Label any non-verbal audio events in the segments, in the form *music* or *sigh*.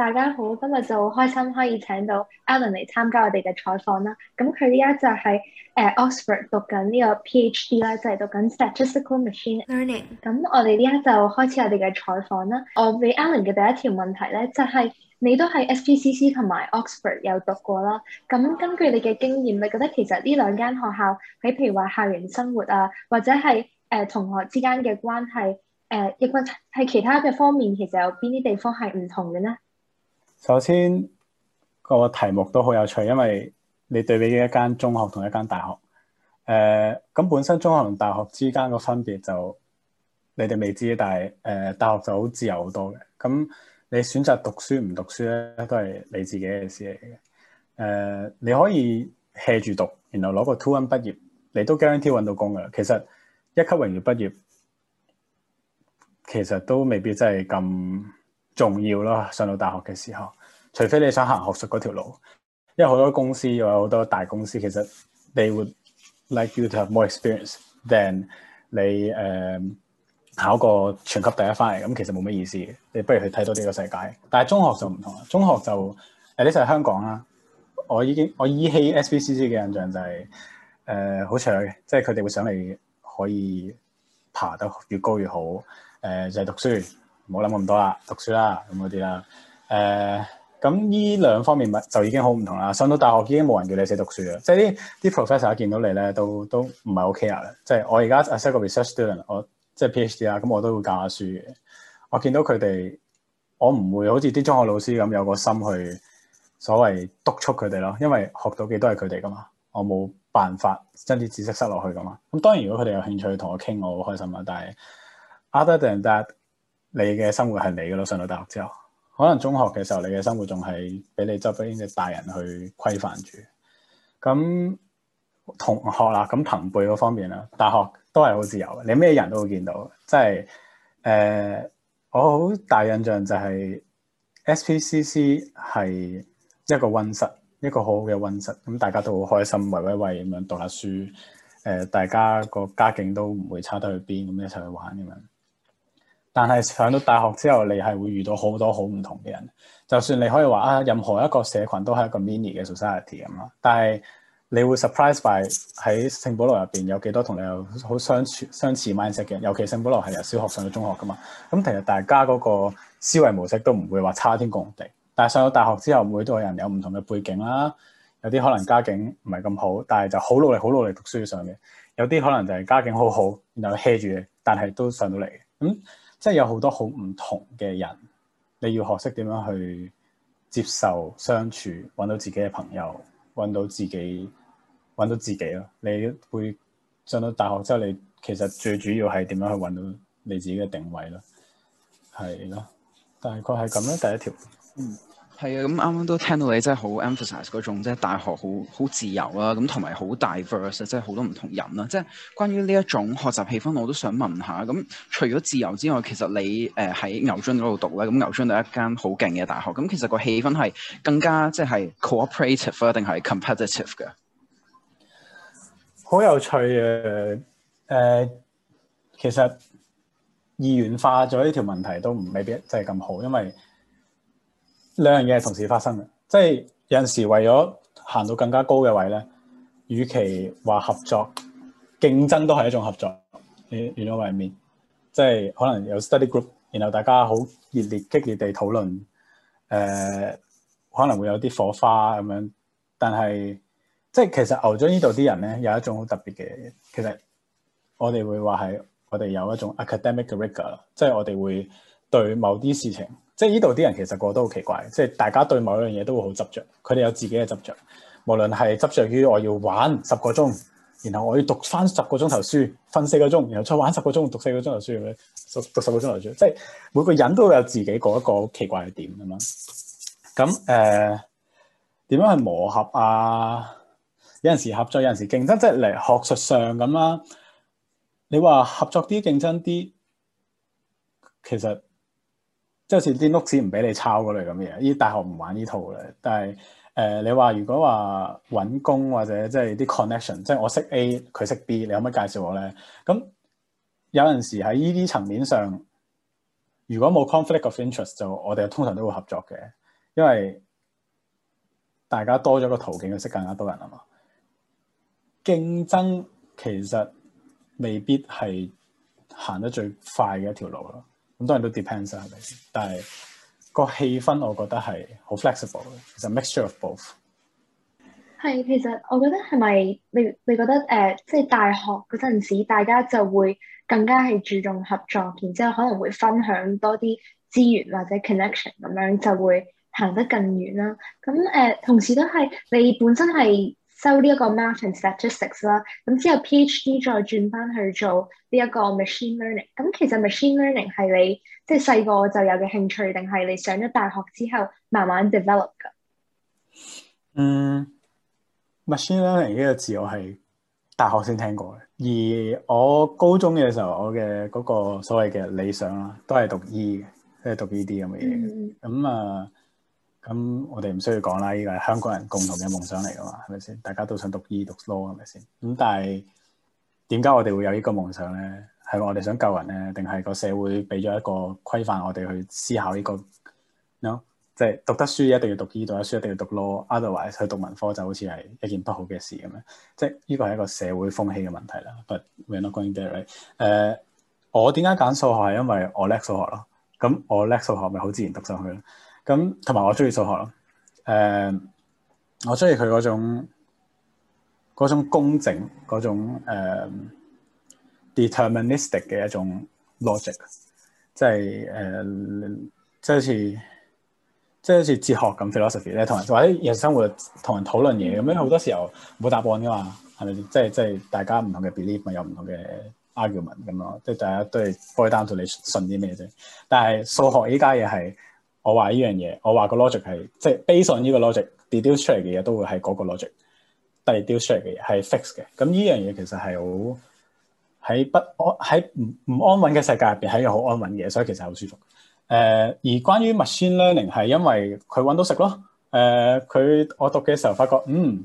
大家好，今日就好開心可以請到 Alan 嚟參加我哋嘅採訪啦。咁佢依家就喺、是、誒、uh, Oxford 讀緊呢個 PhD 啦、啊，就係、是、讀緊 Statistical Machine Learning。咁我哋依家就開始我哋嘅採訪啦。我俾 Alan 嘅第一條問題咧，就係、是、你都係 s p c c 同埋 Oxford 有讀過啦。咁根據你嘅經驗，你覺得其實呢兩間學校喺譬如話校園生活啊，或者係誒、呃、同學之間嘅關係，誒、呃、亦或係其他嘅方面，其實有邊啲地方係唔同嘅咧？首先、這個題目都好有趣，因為你對比一間中學同一間大學。誒、呃，咁本身中學同大學之間個分別就你哋未知，但係誒、呃、大學就好自由好多嘅。咁你選擇讀書唔讀書咧，都係你自己嘅事嚟嘅。誒、呃，你可以 hea 住讀，然後攞個 two one 畢業，你都 guarantee 揾到工噶啦。其實一級榮譽畢業，其實都未必真係咁。重要咯，上到大學嘅時候，除非你想行學術嗰條路，因為好多公司又有好多大公司，其實，你會 like you to have more experience than 你誒考、呃、個全級第一翻嚟，咁、嗯、其實冇咩意思，你不如去睇多呢個世界。但係中學就唔同啦，中學就誒呢、呃、就係香港啦。我已經我依稀 SPCC 嘅印象就係誒好扯嘅，即係佢哋會想你可以爬得越高越好，誒、呃、就係、是、讀書。唔好諗咁多啦，讀書啦咁嗰啲啦，誒咁呢兩方面咪就已經好唔同啦。上到大學已經冇人叫你死讀書嘅，即係啲啲 professor 見到你咧都都唔係 OK D, 啊！即係我而家啊，寫個 research student，我即係 PhD 啦，咁我都會教下書嘅。我見到佢哋，我唔會好似啲中學老師咁有個心去所謂督促佢哋咯，因為學到嘅都係佢哋噶嘛，我冇辦法將啲知識塞落去噶嘛。咁當然如果佢哋有興趣同我傾，我好開心啦。但係 other than that。你嘅生活係你嘅咯。上到大學之後，可能中學嘅時候你嘅生活仲係俾你周邊嘅大人去規範住。咁、嗯、同學啦，咁、嗯、朋輩嗰方面啦，大學都係好自由嘅，你咩人都會見到。即係，誒、呃，我好大印象就係、是、SPCC 係一個溫室，一個好好嘅溫室，咁、嗯、大家都好開心，圍圍圍咁樣讀下書，誒、呃，大家個家境都唔會差得去邊，咁一齊去玩咁樣。但係上到大學之後，你係會遇到好多好唔同嘅人。就算你可以話啊，任何一個社群都係一個 mini 嘅 society 咁啦。但係你會 surprise by 喺聖保羅入邊有幾多同你又好相處相似 mindset 嘅人。尤其聖保羅係由小學上到中學噶嘛，咁、嗯、其實大家嗰個思維模式都唔會話差天共地。但係上到大學之後，每個人都有唔同嘅背景啦，有啲可能家境唔係咁好，但係就好努力好努力讀書上嘅；有啲可能就係家境好好，然後 hea 住嘅，但係都上到嚟咁。嗯即係有好多好唔同嘅人，你要學識點樣去接受、相處，揾到自己嘅朋友，揾到自己，揾到自己咯。你會上到大學之後，你其實最主要係點樣去揾到你自己嘅定位咯，係咯。大概係咁樣，第一條。嗯係啊，咁啱啱都聽到你真係好 emphasize 嗰種即係、就是、大學好好自由啦，咁同埋好 diverse，即係好多唔同人啦。即係關於呢一種學習氣氛，我都想問下。咁、嗯、除咗自由之外，其實你誒喺牛津嗰度讀咧，咁牛津就一間好勁嘅大學。咁其實個氣氛係更加即係 cooperative 定係 competitive 嘅？好、就是、有趣誒！誒、呃，其實二元化咗呢條問題都唔未必即係咁好，因為。兩樣嘢同時發生嘅，即係有陣時為咗行到更加高嘅位咧，與其話合作，競爭都係一種合作，you know what I mean。即係可能有 study group，然後大家好熱烈激烈地討論，誒、呃、可能會有啲火花咁樣。但係即係其實牛津呢度啲人咧有一種好特別嘅嘢，其實我哋會話係我哋有一種 academic rigor，即係我哋會對某啲事情。即係呢度啲人其實個都好奇怪，即係大家對某一樣嘢都會好執着，佢哋有自己嘅執着，無論係執着於我要玩十個鐘，然後我要讀返十個鐘頭書，瞓四個鐘，然後再玩十個鐘，讀四個鐘頭書，咁樣讀十個鐘頭書，即係每個人都有自己嗰一個奇怪嘅點咁樣。咁誒點樣去磨合啊？有陣時合作，有陣時競爭，即係嚟學術上咁啦。你話合作啲，競爭啲，其實。即係好似啲屋紙唔俾你抄嗰類嘅嘢，呢啲大學唔玩呢套嘅。但係誒、呃，你話如果話揾工或者即係啲 connection，即係我識 A 佢識 B，你有乜介紹我咧？咁有陣時喺依啲層面上，如果冇 conflict of interest，就我哋通常都會合作嘅，因為大家多咗個途徑去識更加多人啊嘛。競爭其實未必係行得最快嘅一條路咯。好多人都 depends 啊，係咪？但係個氣氛，我覺得係好 flexible 嘅。其實 mixture of both 係，其實我覺得係咪你你覺得誒即係大學陣時大家就會更加係注重合作，然之後可能會分享多啲資源或者 connection 咁樣就會行得更遠啦。咁誒、呃、同時都係你本身係。收呢一個 math and statistics 啦，咁之後 PhD 再轉翻去做呢一個 machine learning。咁其實 machine learning 係你即係細個就有嘅興趣，定係你上咗大學之後慢慢 develop 噶？嗯，machine learning 呢個字我係大學先聽過嘅，而我高中嘅時候，我嘅嗰個所謂嘅理想啦，都係讀醫嘅，即係讀 B，D 咁嘅嘢。咁啊～嗯咁我哋唔需要講啦，呢個係香港人共同嘅夢想嚟㗎嘛，係咪先？大家都想讀醫，讀 law，係咪先？咁但係點解我哋會有呢個夢想咧？係我哋想救人咧，定係個社會俾咗一個規範我哋去思考呢個 no？即係讀得書一定要讀醫，讀得書一定要讀 law，otherwise 去讀文科就好似係一件不好嘅事咁樣。即係呢個係一個社會風氣嘅問題啦。But we're not going there。誒、呃，我點解揀數學係因為我叻數學咯，咁我叻數學咪好自然讀上去咯。咁同埋我中意數學咯，誒、呃，我中意佢嗰種嗰種公正，嗰種、呃、deterministic 嘅一種 logic，即係誒、呃、即係即係好似哲學咁 philosophy 咧，同人或者日常生活同人討論嘢咁樣好多時候冇答案噶嘛，係咪？即係即係大家唔同嘅 belief 咪有唔同嘅 argument 咁咯，即係大家都係 boils down to 你信啲咩啫。但係數學依家嘢係。嗯我話呢樣嘢，我話個，log 個 logic 係，即係 base on 呢個 logic，deduce 出嚟嘅嘢都會係嗰個 logic，deduce 出嚟嘅嘢係 fix 嘅。咁呢樣嘢其實係好喺不安喺唔唔安穩嘅世界入邊，喺好安穩嘅，嘢，所以其實好舒服。誒、呃，而關於 machine learning 係因為佢搵到食咯。誒、呃，佢我讀嘅時候發覺，嗯，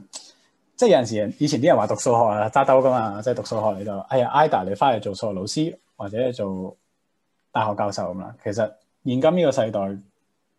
即係有陣時以前啲人話讀數學啊揸兜噶嘛，即係讀數學你就哎呀 ida 你翻去做數學老師或者做大學教授咁啦。其實現今呢個世代，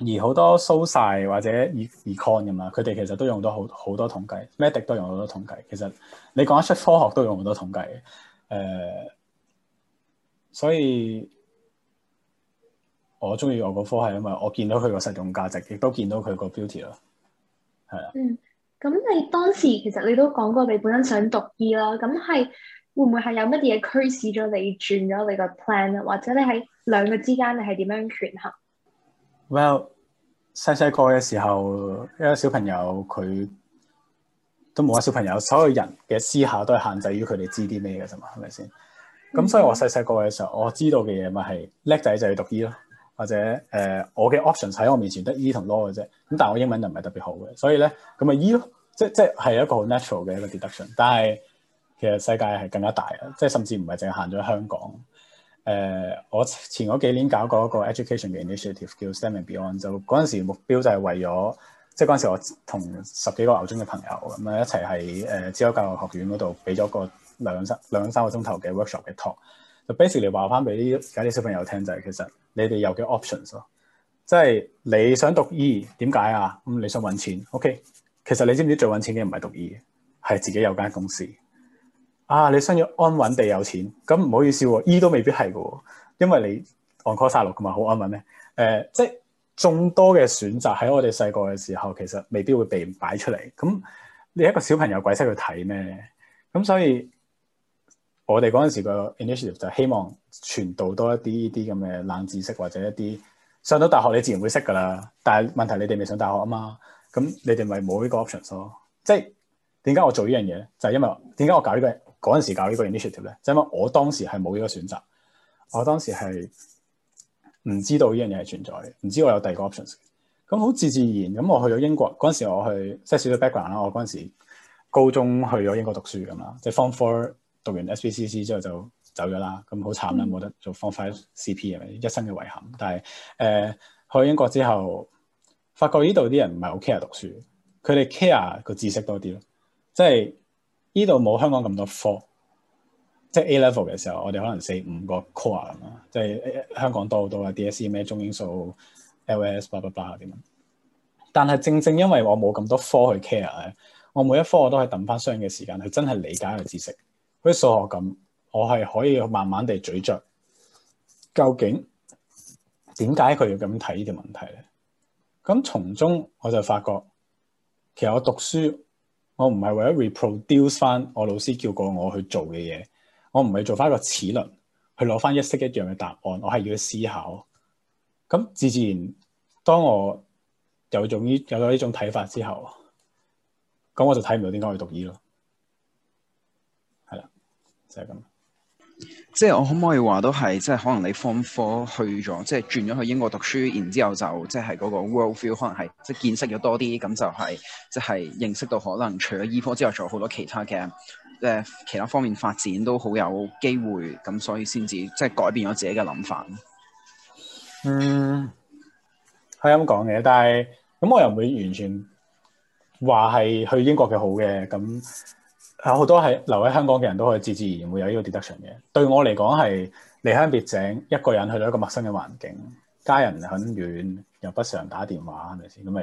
而好多 survey 或者 econ 咁嘛，佢哋其實都用到好好多統計 medical 都用好多統計。其實你講一出科學都用好多統計嘅，誒、呃，所以我中意我個科係因為我見到佢個實用價值，亦都見到佢個 beauty 咯，係啊。嗯，咁你當時其實你都講過你本身想讀醫啦，咁係會唔會係有乜嘢驅使咗你轉咗你個 plan 咧？或者你喺兩個之間你係點樣權衡？Well，細細個嘅時候，因為小朋友佢都冇話小朋友，所有人嘅思考都係限制於佢哋知啲咩嘅啫嘛，係咪先？咁所以我細細個嘅時候，我知道嘅嘢咪係叻仔就要讀醫咯，或者誒、呃，我嘅 options 喺我面前得醫同 law 嘅啫。咁但係我英文又唔係特別好嘅，所以咧咁咪醫咯，即係即係係一個好 natural 嘅一個 deduction。但係其實世界係更加大啊，即係甚至唔係淨係限咗香港。誒、呃，我前嗰幾年搞過一個 education 嘅 initiative，叫 Stepping Beyond，就嗰陣時目標就係為咗，即係嗰陣時我同十幾個牛津嘅朋友咁樣、嗯、一齊喺誒資優教育學院嗰度俾咗個兩三兩三個鐘頭嘅 workshop 嘅 talk，就 basically 話翻俾而家啲小朋友聽就係、是、其實你哋有幾 options 咯，即係你想讀醫點解啊？咁、嗯、你想揾錢，OK？其實你知唔知最揾錢嘅唔係讀醫，係自己有間公司。啊！你想要安穩地有錢，咁唔好意思喎、哦，醫、e、都未必係嘅、哦，因為你 on call 36嘅嘛，好安穩咩？誒，即係眾多嘅選擇喺我哋細個嘅時候，其實未必會被擺出嚟。咁你一個小朋友鬼識去睇咩？咁所以我哋嗰陣時個 initiative 就希望傳導多一啲呢啲咁嘅冷知識或者一啲上到大學你自然會識㗎啦。但係問題你哋未上大學啊嘛，咁你哋咪冇呢個 option 咯。即係點解我做呢樣嘢？就係、是、因為點解我搞呢、這個？嗰陣時搞呢個 initiative 咧，即係因為我當時係冇呢個選擇，我當時係唔知道呢樣嘢係存在，嘅，唔知我有第二個 options。咁好自自然咁，我去咗英國嗰陣時，我去即係少咗 background 啦。我嗰陣時高中去咗英國讀書咁啦，即係 form four 讀完 SPCC 之後就走咗啦。咁好慘啦，冇、嗯、得做 form five CP 係咪？一生嘅遺憾。但係誒、呃、去英國之後，發覺呢度啲人唔係好 care 讀書，佢哋 care 個知識多啲咯，即、就、係、是。呢度冇香港咁多科，即係 A level 嘅時候，我哋可能四五個 core 啊，即係香港多好多啊，DSE 咩中英數 LS，巴拉巴拉，點樣。但係正正因為我冇咁多科去 care，我每一科我都係抌翻相應嘅時間去真係理解個知識。好似數學咁，我係可以慢慢地咀嚼，究竟點解佢要咁睇呢條問題咧？咁從中我就發覺，其實我讀書。我唔係為咗 reproduce 翻我老師叫過我去做嘅嘢，我唔係做翻一個齒輪去攞翻一式一樣嘅答案，我係要去思考。咁自自然，當我有種呢有咗呢種睇法之後，咁我就睇唔到點解我要讀醫咯。係啦，就係咁。即係我可唔可以話都係，即係可能你 form four 去咗，即係轉咗去英國讀書，然之後就即係嗰個 world view 可能係即係見識咗多啲，咁就係、是、即係認識到，可能除咗醫科之外，仲有好多其他嘅即誒其他方面發展都好有機會，咁所以先至即係改變咗自己嘅諗法。嗯，係咁講嘅，但係咁我又唔會完全話係去英國嘅好嘅咁。係好多係留喺香港嘅人都可以自自然然會有呢個 deduction 嘅。對我嚟講係離鄉別井，一個人去到一個陌生嘅環境，家人很遠又不常打電話，係咪先？咁咪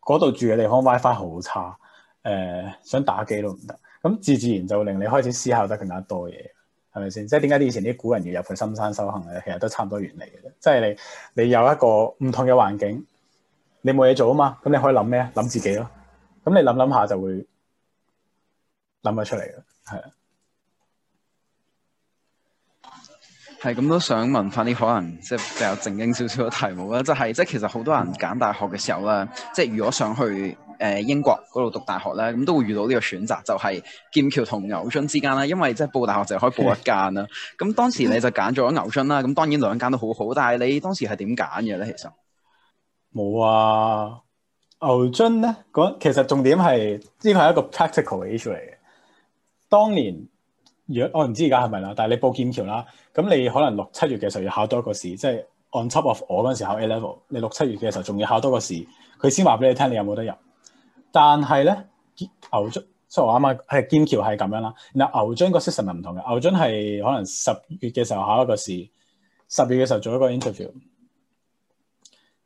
嗰度住嘅地方 WiFi 好差，誒、呃、想打機都唔得。咁自自然就會令你開始思考得更加多嘢，係咪先？即係點解以前啲古人要入去深山修行咧？其實都差唔多原理嘅啫。即係你你有一個唔同嘅環境，你冇嘢做啊嘛，咁你可以諗咩？諗自己咯。咁你諗諗下就會諗得出嚟嘅係啊，係咁都想問翻啲，可能即係比較正經少少嘅題目啦。就係、是、即係，其實好多人揀大學嘅時候咧，即係如果想去誒、呃、英國嗰度讀大學咧，咁都會遇到呢個選擇，就係劍橋同牛津之間啦。因為即係報大學就係可以報一間啦。咁 *laughs* 當時你就揀咗牛津啦。咁當然兩間都好好，但係你當時係點揀嘅咧？其實冇啊，牛津咧，嗰其實重點係呢個係一個 practical issue 嚟嘅。當年如果我唔知而家係咪啦，但係你報劍橋啦，咁你可能六七月嘅時候要考多個試，即係 on top of 我嗰陣時考 A level，你六七月嘅時候仲要考多個試，佢先話俾你聽你有冇得入。但係咧牛,牛津即係話嘛，係劍橋係咁樣啦。然後牛津個 system 係唔同嘅，牛津係可能十月嘅時候考一個試，十月嘅時候做一個 interview。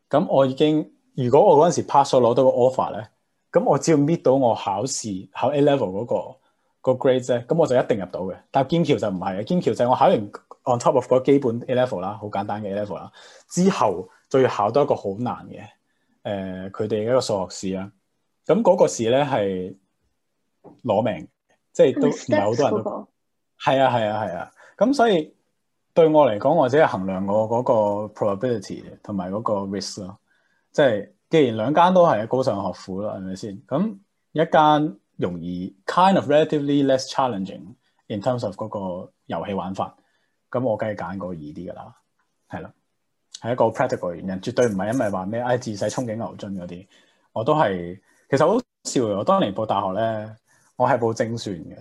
咁我已經如果我嗰陣時 pass 咗、er、攞到個 offer 咧，咁我只要搣到我考試考 A level 嗰個。個 grade 啫，咧，咁我就一定入到嘅。但係劍橋就唔係嘅，劍橋就係我考完 on top of 嗰個基本 A level 啦，好簡單嘅 A level 啦，之後就要考多一個好難嘅，誒、呃，佢哋一個數學試啦。咁嗰個試咧係攞命，即係都唔係好多人都講 *music* 啊，係啊，係啊。咁、啊、所以對我嚟講，或者係衡量我嗰個 probability 同埋嗰個 risk 咯。即係既然兩間都係高尚學府啦，係咪先？咁一間容易，kind of relatively less challenging in terms of 嗰個遊戲玩法。咁我梗係揀嗰個易啲噶啦，係啦，係一個 practical 原因，絕對唔係因為話咩，唉、哎、自細憧憬牛津嗰啲，我都係，其實好笑。我當年報大學咧，我係報精算嘅，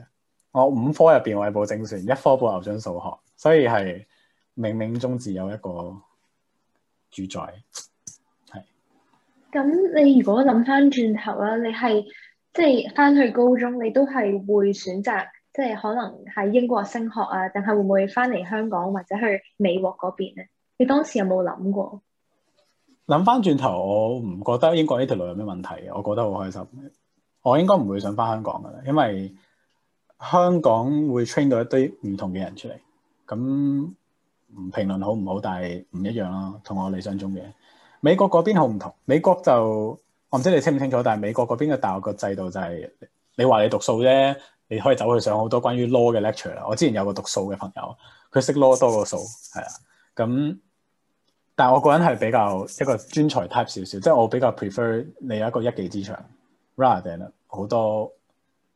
我五科入邊我係報精算，一科報牛津數學，所以係冥冥中自有一個主宰。係，咁你如果諗翻轉頭啦，你係。即係翻去高中，你都係會選擇，即係可能喺英國升學啊？定係會唔會翻嚟香港或者去美國嗰邊咧？你當時有冇諗過？諗翻轉頭，我唔覺得英國呢條路有咩問題嘅，我覺得好開心。我應該唔會想翻香港噶啦，因為香港會 train 到一堆唔同嘅人出嚟。咁唔評論好唔好，但係唔一樣咯，啊，同我理想中嘅美國嗰邊好唔同。美國就我唔知你清唔清楚，但係美國嗰邊嘅大學個制度就係，你話你讀數啫，你可以走去上好多關於 law 嘅 lecture 啦。我之前有個讀數嘅朋友，佢識 law 多過數，係啊。咁，但係我個人係比較一個專才 type 少少，即係我比較 prefer 你有一個一技之長，rather than 好多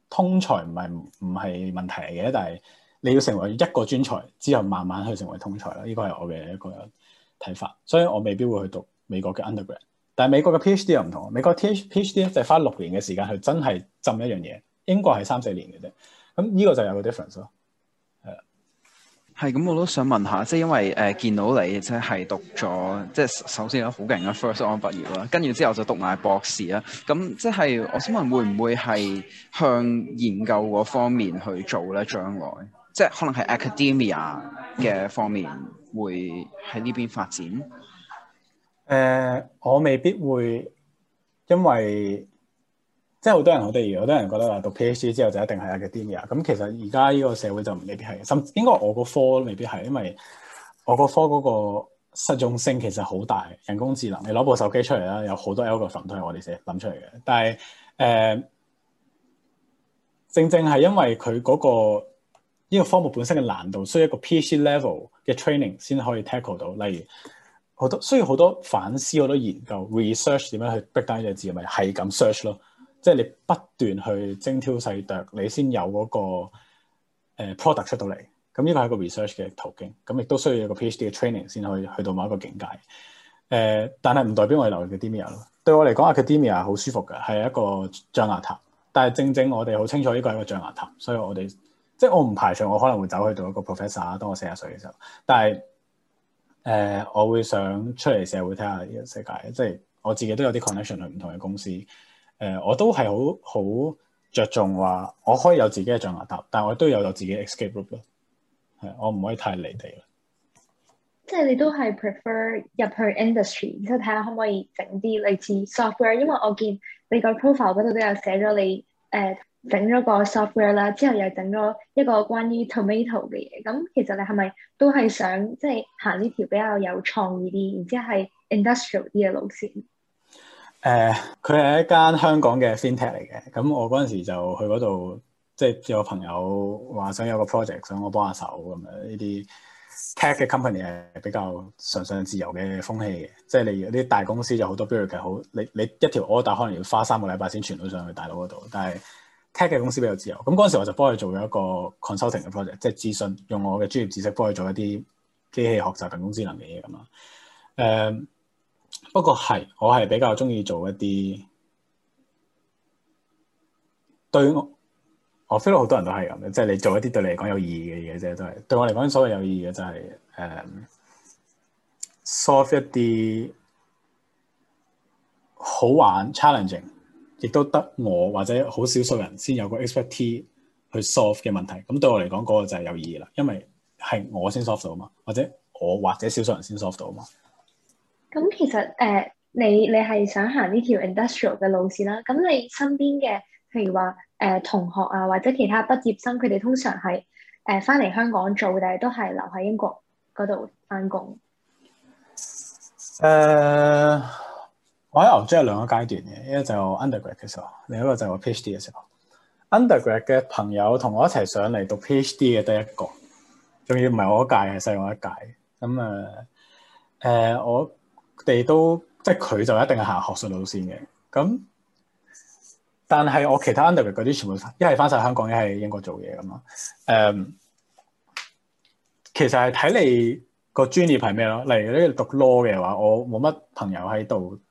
通才。唔係，唔係問題嚟嘅，但係你要成為一個專才之後，慢慢去成為通才啦。呢個係我嘅一個睇法，所以我未必會去讀美國嘅 undergrad。但係美國嘅 PhD 又唔同，美國 PhD 就係花六年嘅時間去真係浸一樣嘢，英國係三四年嘅啫，咁呢個就有個 difference 咯。係啊，係咁我都想問下，即係因為誒、呃、見到你即係讀咗，即係首先有好勁嘅 first on 畢業啦，跟住之後就讀埋博士啦，咁即係我想問會唔會係向研究嗰方面去做咧？將來即係可能係 academia 嘅方面會喺呢邊發展。誒、呃，我未必會，因為即係好多人，好得意。好多人覺得話，讀 PhD 之後就一定係 academia 嘅，咁其實而家呢個社會就未必係，甚應該我個科未必係，因為我個科嗰個實用性其實好大，人工智能你攞部手機出嚟啦，有好多 algorithm 都係我哋寫諗出嚟嘅，但係誒、呃，正正係因為佢嗰、那個呢個科目本身嘅難度，需要一個 PhD level 嘅 training 先可以 tackle 到，例如。好多需要好多反思，好多研究 research 點樣去逼低呢隻字咪係咁 search 咯，即係你不斷去精挑細琢，你先有嗰、嗰個、呃、product 出到嚟。咁呢個係一個 research 嘅途徑，咁亦都需要一個 PhD 嘅 training 先可以去到某一個境界。誒、呃，但係唔代表我係留喺個 academia 咯。對我嚟講 academia 好舒服嘅，係一個象牙塔。但係正正我哋好清楚呢個係一個象牙塔，所以我哋即係我唔排除我可能會走去到一個 professor 啦。當我四十歲嘅時候，但係。誒、呃，我會想出嚟社會睇下呢個世界，即係我自己都有啲 connection 去唔同嘅公司。誒、呃，我都係好好著重話，我可以有自己嘅象牙塔，但我都有有自己嘅 escape room 咯。係，我唔可以太離地啦。即係你都係 prefer 入去 industry，然之後睇下可唔可以整啲類似 software，因為我見你個 profile 嗰度都有寫咗你誒。呃整咗個 software 啦，之後又整咗一個關於 tomato 嘅嘢。咁其實你係咪都係想即係行呢條比較有創意啲，然之後係 industrial 啲嘅路線？誒、呃，佢係一間香港嘅 fin tech 嚟嘅。咁我嗰陣時就去嗰度，即係有朋友話想有個 project 想我幫下手咁樣。呢啲 tech 嘅 company 係比較崇尚自由嘅風氣嘅，即係你啲大公司就好多其實，好你你一條 order 可能要花三個禮拜先傳到上去大陸嗰度，但係。Tech 嘅公司比較自由，咁嗰陣時我就幫佢做咗一個 consulting 嘅 project，即係諮詢，用我嘅專業知識幫佢做一啲機器學習、人工智能嘅嘢咁啊。誒、uh，不過係我係比較中意做一啲對我我 feel 到好多人都係咁嘅，即係你做一啲對你嚟講有意義嘅嘢啫，都係對我嚟講所謂有意義嘅就係誒 solve 一啲好玩、challenging。亦都得我或者好少數人先有個 expertise 去 solve 嘅問題，咁對我嚟講嗰、那個就係有意義啦，因為係我先 solve 到啊嘛，或者我或者少數人先 solve 到啊嘛。咁其實誒、呃，你你係想行呢條 industrial 嘅路線啦，咁你身邊嘅譬如話誒、呃、同學啊，或者其他畢業生，佢哋通常係誒翻嚟香港做，但係都係留喺英國嗰度翻工？誒、uh。我牛津係兩個階段嘅，一個就 u n d e r g r a d 嘅時候，另一個就我 PhD 嘅時候。u n d e r g r a d 嘅朋友同我一齊上嚟讀 PhD 嘅第一個，仲要唔係我一屆，係細我一屆。咁誒誒，我哋都即係佢就一定係行學術路線嘅。咁但係我其他 u n d e r g r a d u 啲全部一係翻晒香港，一係英國做嘢噶嘛。誒、嗯，其實係睇你個專業係咩咯？例如咧讀 law 嘅話，我冇乜朋友喺度。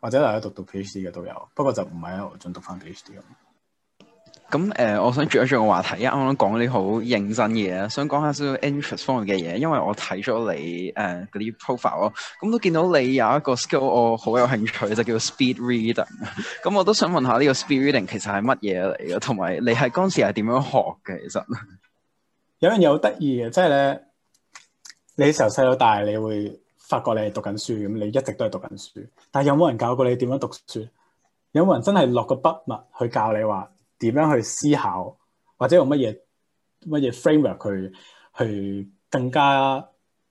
或者大家讀讀 PhD 嘅都有，不過就唔係喺度讀翻 PhD 咁。咁、呃、我想轉一轉個話題一，啱啱講啲好認真嘢，想講下少少 interest 方面嘅嘢，因為我睇咗你誒啲、呃、profile 咯、嗯，咁都見到你有一個 skill 我好有興趣， *laughs* 就叫 speed reading、嗯。咁我都想問下呢個 speed reading 其實係乜嘢嚟嘅？同埋你係嗰陣時係點樣學嘅？其實有樣嘢好得意嘅，即係咧，你由細到大你會發覺你係讀緊書，咁你一直都係讀緊書，但係有冇人教過你點樣讀書？有冇人真係落個筆墨去教你話點樣去思考，或者用乜嘢乜嘢 framework 去去更加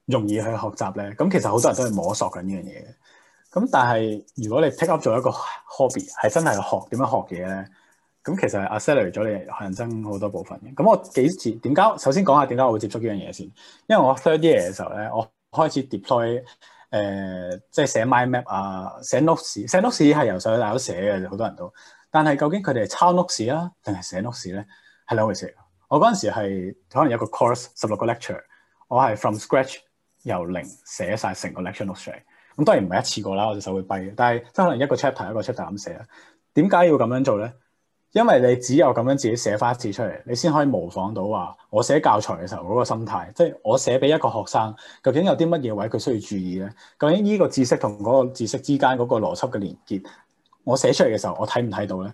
容易去學習咧？咁其實好多人都係摸索緊呢樣嘢嘅。咁但係如果你 pick up 咗一個 hobby，係真係學點樣學嘢咧，咁其實 accelerate 咗你人生好多部分嘅。咁我幾次點解？首先講下點解我會接觸呢樣嘢先，因為我 third year 嘅時候咧，我開始 deploy 誒、呃，即係寫 mind map 啊，寫 notes，寫 notes 係由細到大都寫嘅，好多人都。但係究竟佢哋係抄 notes 啊，定係寫 notes 咧，係兩回事。我嗰陣時係可能有個 course 十六個 lecture，我係 from scratch 由零寫晒成個 lecture note 嚟。咁當然唔係一次過啦，我隻手會跛。但係即係可能一個 chapter 一個 chapter 咁寫啦。點解要咁樣做咧？因為你只有咁樣自己寫翻一次出嚟，你先可以模仿到話我寫教材嘅時候嗰個心態，即係我寫俾一個學生，究竟有啲乜嘢位佢需要注意咧？究竟呢個知識同嗰個知識之間嗰個邏輯嘅連結，我寫出嚟嘅時候，我睇唔睇到咧？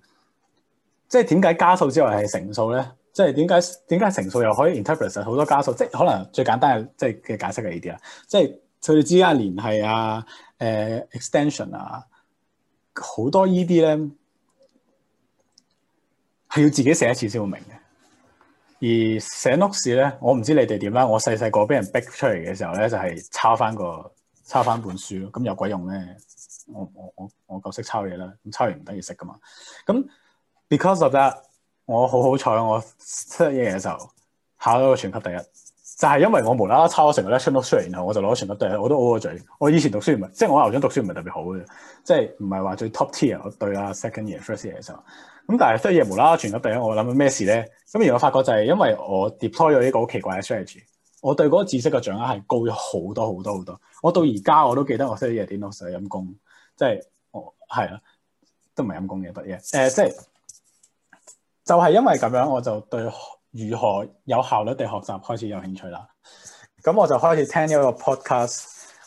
即係點解加數之外係乘數咧？即係點解點解乘數又可以 interpret 好多加數？即係可能最簡單嘅即係嘅解釋嘅呢啲啦，即係佢哋之間聯繫啊，誒、呃，extension 啊，好多呢啲咧。要自己寫一次先會明嘅。而寫 notes 咧，我唔知你哋點啦。我細細個俾人逼出嚟嘅時候咧，就係抄翻個抄翻本書咁有鬼用咧？我我我我夠識抄嘢啦。咁抄完唔等於識噶嘛？咁 because of that，我好好彩，我七嘢嘅時候考咗個全級第一，就係因為我無啦啦抄成個 lecture notes 然後我就攞咗全級第一，我都 O 咗嘴。我以前讀書唔係，即係我牛津讀書唔係特別好嘅，即係唔係話最 top tier。我對啊，second year、first year 嘅時候。咁但係失夜無啦啦傳咗第一。我諗緊咩事咧？咁而我發覺就係因為我 deploy 咗呢個好奇怪嘅 strategy，我對嗰個知識嘅掌握係高咗好多好多好多。我到而家我都記得我失業點攞上陰功，即係我係啊，都唔係陰功嘅乜嘢誒，即係就係、是、因為咁樣，我就對如何有效率地學習開始有興趣啦。咁我就開始聽咗個 podcast。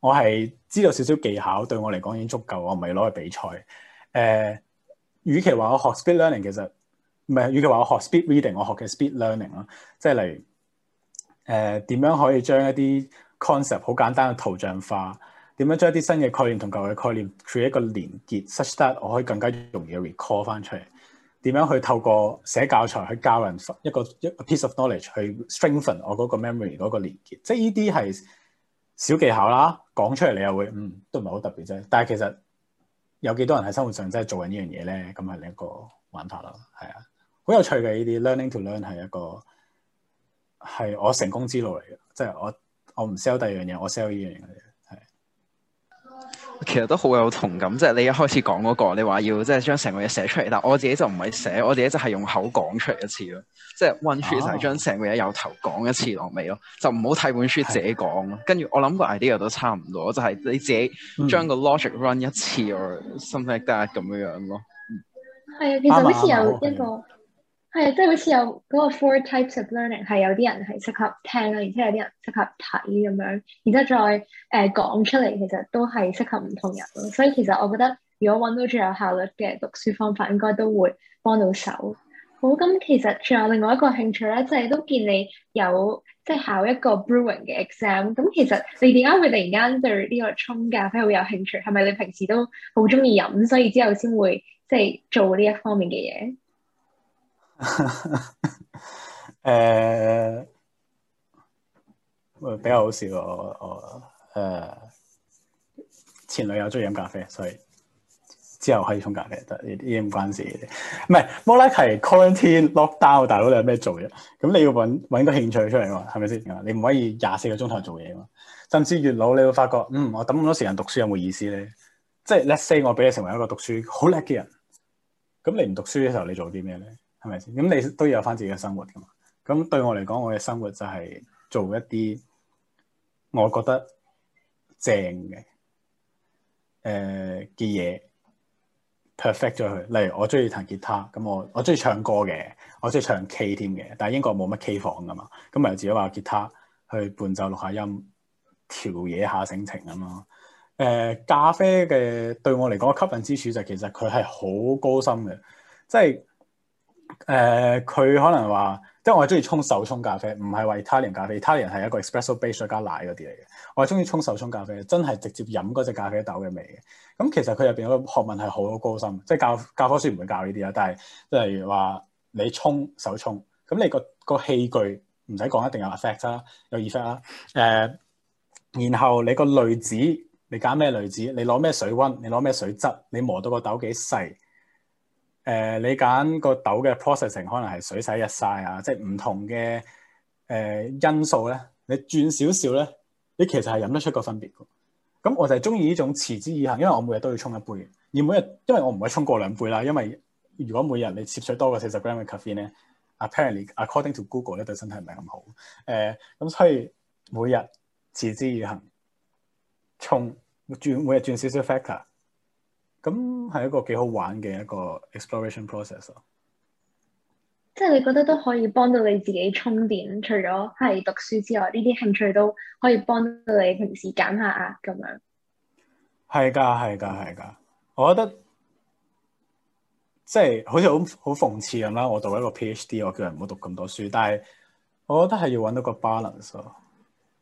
我係知道少少技巧，對我嚟講已經足夠。我唔係攞去比賽。誒、呃，與其話我學 speed learning，其實唔係。與其話我學 speed reading，我學嘅 speed learning 咯，即係例如點樣可以將一啲 concept 好簡單嘅圖像化，點樣將一啲新嘅概念同舊嘅概念 create 一個連結，such that 我可以更加容易 recall 翻出嚟。點樣去透過寫教材去教人一個一個 piece of knowledge 去 strengthen 我嗰個 memory 嗰個連結。即係呢啲係小技巧啦。講出嚟你又會嗯都唔係好特別啫，但係其實有幾多人喺生活上真係做緊呢樣嘢咧？咁係另一個玩法啦，係啊，好有趣嘅呢啲。Learning to learn 係一個係我成功之路嚟嘅，即係我我唔 sell 第二樣嘢，我 sell 呢樣嘢。其實都好有同感，即係你一開始講嗰、那個，你話要即係將成個嘢寫出嚟，但係我自己就唔係寫，我自己就係用口講出嚟一次咯，即係溫書就係將成個嘢由頭講一次落尾咯，哦、就唔好睇本書自己講咯。跟住的我諗個 idea 都差唔多，就係、是、你自己將個 logic run 一次 S、嗯、 or something like that 咁樣樣咯。係啊，其實好似吧吧有一個。係啊，即係好似有嗰個 four types of learning，係有啲人係適合聽啦，然之後有啲人適合睇咁樣，然之後再誒講、呃、出嚟，其實都係適合唔同人咯。所以其實我覺得，如果搵到最有效率嘅讀書方法，應該都會幫到手。好，咁、嗯、其實仲有另外一個興趣咧，就係、是、都見你有即係、就是、考一個 brewing 嘅 exam、嗯。咁其實你點解會突然間對呢個沖咖啡會有興趣？係咪你平時都好中意飲，所以之後先會即係、就是、做呢一方面嘅嘢？誒，會、 *laughs* 呃、比較好笑。我誒、呃、前女友中意飲咖啡，所以之後可以沖咖啡，呢啲唔關事。唔 *laughs* 係 more like 係 quarantine lockdown，大佬你有咩做啫？咁你要搵搵個興趣出嚟嘛？係咪先？你唔可以廿四個鐘頭做嘢嘛？甚至越老你會發覺，嗯，我等咁多時間讀書有冇意思咧？即係，let's say 我俾你成為一個讀書好叻嘅人，咁你唔讀書嘅時候你做啲咩咧？係咪先？咁你都有返自己嘅生活噶嘛？咁對我嚟講，我嘅生活就係做一啲我覺得正嘅，誒嘅嘢 perfect 咗佢。例如我中意彈吉他，咁我我中意唱歌嘅，我中意唱 K 添嘅。但英國冇乜 K 房噶嘛，咁咪自己話吉他去伴奏錄下音，調嘢下聲情咁咯。誒、呃，咖啡嘅對我嚟講吸引之處就係、其實佢係好高深嘅，即係。誒，佢、呃、可能話，即係我係中意沖手沖咖啡，唔係話 Italian 咖啡。Italian 係一個 espresso base 加奶嗰啲嚟嘅。我係中意沖手沖咖啡，真係直接飲嗰隻咖啡豆嘅味嘅。咁、嗯、其實佢入邊個學問係好高深，即係教教科書唔會教呢啲啦。但係即係話你沖手沖，咁你、個個器具唔使講，一定有 effect 啦，有 effect 啦。誒、呃，然後你個濾紙，你揀咩濾紙，你攞咩水溫，你攞咩水，水質，你磨到個豆幾細。誒、呃，你揀個豆嘅 processing 可能係水洗日曬啊，即係唔同嘅，誒、呃、因素咧，你轉少少咧，你其實係飲得出個分別。咁、嗯、我就係中意呢種持之以恆，因為我每日都要沖一杯，而每日因為我唔會沖過兩杯啦，因為如果每日你攝取多過四十 gram 嘅咖啡咧，apparently according to Google 咧，對身體唔係咁好。誒、呃、咁、嗯、所以每日持之以恆，沖轉每日轉少少 factor。咁係一個幾好玩嘅一個 exploration process 咯，即係你覺得都可以幫到你自己充電，除咗係讀書之外，呢啲興趣都可以幫到你平時減下壓、啊、咁樣。係噶係噶係噶，我覺得即係、就是、好似好好諷刺咁啦，我讀一個 PhD，我叫人唔好讀咁多書，但係我覺得係要揾到個 balance 咯。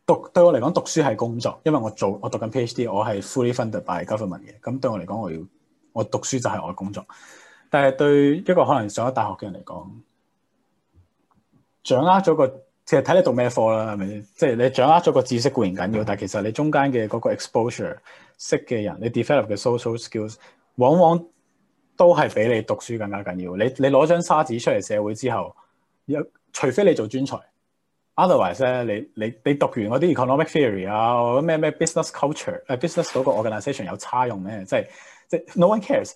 讀對我嚟講，讀書係工作，因為我做我讀緊 PhD，我係 fully funded by government 嘅，咁對我嚟講，我要我讀書就係我嘅工作。但係對一個可能上咗大學嘅人嚟講，掌握咗個其實睇你讀咩科啦，係咪先？即係你掌握咗個知識固然緊要，但係其實你中間嘅嗰個 exposure，識嘅人，你 develop 嘅 social skills，往往都係比你讀書更加緊要。你你攞張沙紙出嚟社會之後，有除非你做專才。Otherwise 咧，你你你讀完嗰啲 economic theory 啊，咩咩 business culture，誒、uh, business 嗰個 organization 有差用咩？即係即係 no one cares。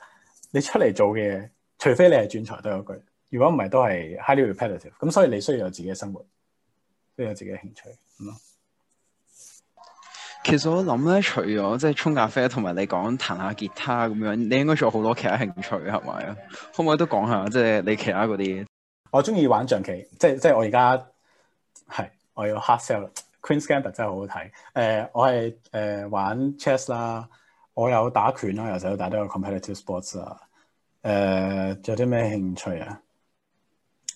你出嚟做嘅，除非你係轉材都有句，如果唔係都係 highly repetitive。咁所以你需要有自己嘅生活，需要有自己嘅興趣。嗯，其實我諗咧，除咗即係沖咖啡同埋你講彈下吉他咁樣，你應該仲有好多其他興趣係咪？啊？可唔可以都講下即係、就是、你其他嗰啲？我中意玩象棋，即即係我而家。係，我要 hard sell Queen。Queen's Gambit 真係好好睇。誒，我係誒、呃、玩 chess 啦，我有打拳啦，由細到大都有 competitive sports 啊。誒，有啲咩興趣啊？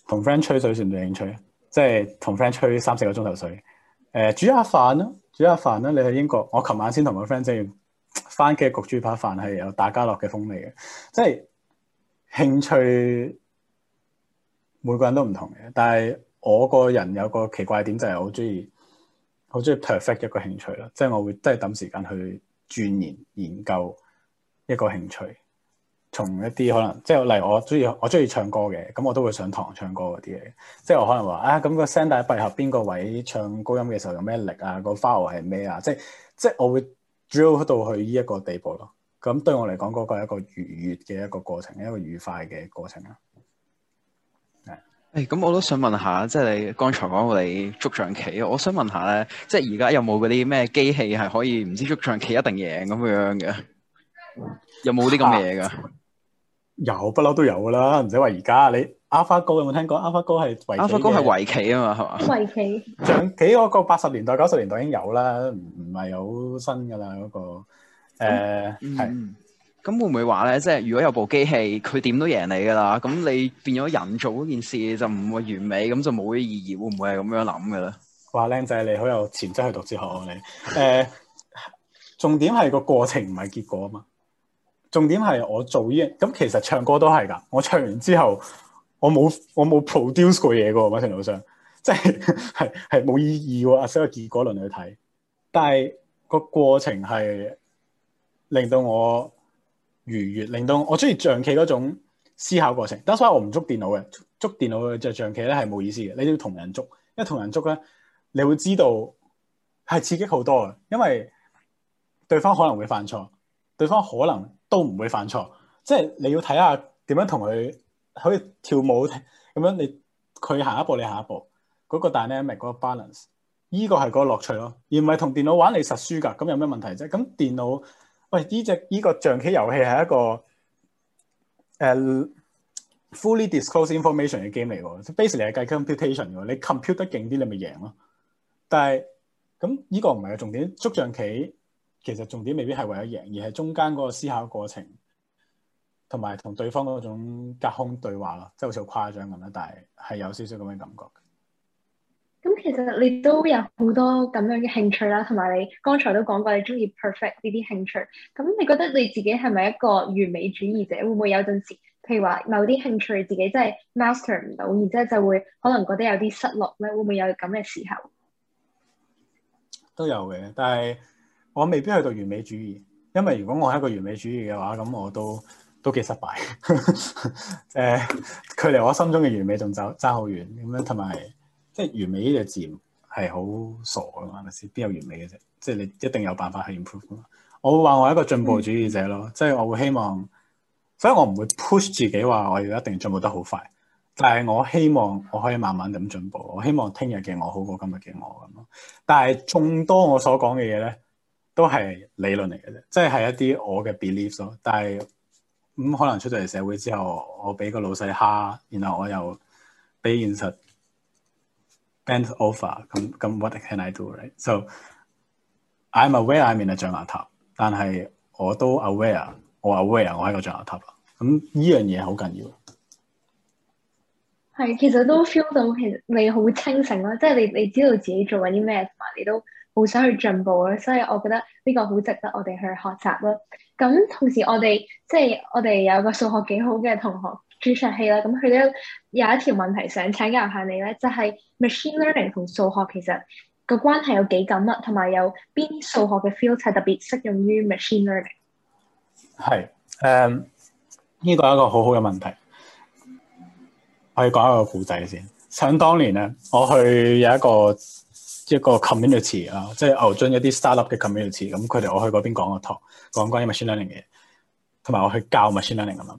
同 friend 吹水算唔算興趣啊？即係同 friend 吹三四個鐘頭水。誒、呃，煮下飯啦，煮下飯啦。你喺英國，我琴晚先同我 friend 即正番茄焗豬扒飯，係有大家樂嘅風味嘅。即係興趣每個人都唔同嘅，但係。我個人有個奇怪點就係好中意好中意 perfect 一個興趣咯，即係我會真係等時間去鑽研研究一個興趣。從一啲可能即係例如我中意我中意唱歌嘅，咁我都會上堂唱歌嗰啲嘢。即係我可能話啊，咁、個聲帶閉合邊個位唱高音嘅時候用咩力啊？個 flow 係咩啊？即係即係我會 drill 到去呢一個地步咯。咁、啊、對我嚟講，嗰、個係一個愉悅嘅一個過程，一個愉快嘅過程啊！誒，咁、哎、我都想問下，即係你剛才講你捉象棋，我想問下咧，即係而家有冇嗰啲咩機器係可以唔知捉象棋一定贏咁樣嘅？有冇啲咁嘢噶？有，不嬲都有啦，唔使話而家。你阿 l 哥 h a g o 有冇聽講？AlphaGo 係圍棋啊嘛，係嘛？圍棋象棋嗰個八十年代、九十年代已經有啦，唔唔係好新噶啦嗰個，誒、uh,，嗯。咁會唔會話咧？即係如果有部機器，佢點都贏你㗎喇。咁你變咗人做嗰件事就唔會完美，咁就冇意義。會唔會係咁樣諗嘅咧？哇！靚仔，你好有潛質去讀哲學你。誒、呃，重點係個過程唔係結果啊嘛。重點係我做呢樣。咁其實唱歌都係㗎。我唱完之後，我冇我冇 produce 過嘢嘅喎。某程度上，即係係係冇意義喎。啊，所有結果論去睇，但係個過程係令到我愉悅，令到我中意象棋嗰種思考過程。所以我唔捉電腦嘅，捉電腦嘅就象棋咧，係冇意思嘅。你要同人捉，因為同人捉咧，你會知道係刺激好多嘅，因為對方可能會犯錯，對方可能都唔會犯錯。即係你要睇下點樣同佢好似跳舞咁樣你，你佢行一步，你下一步。嗰個 dynamic 咧，係嗰個 balance，依個係嗰個樂趣咯，而唔係同電腦玩你實輸㗎。咁有咩問題啫？咁電腦。喂，呢隻呢個象棋遊戲係一個誒、uh, fully disclosed information 嘅 game 嚟喎，basically 係計 computation 嘅，你 compute 得勁啲，你咪贏咯。但係咁呢個唔係個重點，捉象棋其實重點未必係為咗贏，而係中間個思考過程同埋同對方種隔空對話咯，即係好似好誇張咁樣，但係係有少少咁嘅感覺。咁其實你都有好多咁樣嘅興趣啦，同埋你剛才都講過你中意 perfect 呢啲興趣。咁你覺得你自己係咪一個完美主義者？會唔會有陣時，譬如話某啲興趣自己真係 master 唔到，然之後就會可能覺得有啲失落咧？會唔會有咁嘅時候？都有嘅，但係我未必去到完美主義，因為如果我係一個完美主義嘅話，咁我都都幾失敗。誒， *laughs* 距離我心中嘅完美仲差好遠咁樣，同埋。即係完美呢個字係好傻噶嘛，係咪先？邊有完美嘅啫？即係你一定有辦法去 improve 噶嘛。我會話我係一個進步主義者咯，嗯、即係我會希望，所以我唔會 push 自己話我要一定進步得好快。但係我希望我可以慢慢咁進步，我希望聽日嘅我好過今日嘅我咁咯。但係眾多我所講嘅嘢咧，都係理論嚟嘅啫，即係係一啲我嘅 belief 咯。但係咁、嗯、可能出咗嚟社會之後，我俾個老細蝦，然後我又俾現實。Bent over，咁咁，what can I do？Right，so I'm aware I'm in 個象牙塔，但係我都 aware，我 aware 我喺個象牙塔啦。咁呢樣嘢好緊要。係，其實都 feel 到其實你好清醒咯，即係你你知道自己做緊啲咩，同埋你都好想去進步咯。所以我覺得呢個好值得我哋去學習咯。咁同時我哋即係我哋有個數學幾好嘅同學。劇場戲啦，咁佢咧有一條問題想請教下你咧，就係、是、machine learning 同數學其實個關係有幾緊密，同埋有邊數學嘅 fields 係特別適用於 machine learning。係、嗯，誒呢個係一個好好嘅問題，我要講一個古仔先。想當年咧，我去有一個一個 community 啊，即係牛津一啲 startup 嘅 community，咁佢哋我去嗰邊講個 talk 講關於 machine learning 嘅，嘢，同埋我去教 machine learning 咁樣。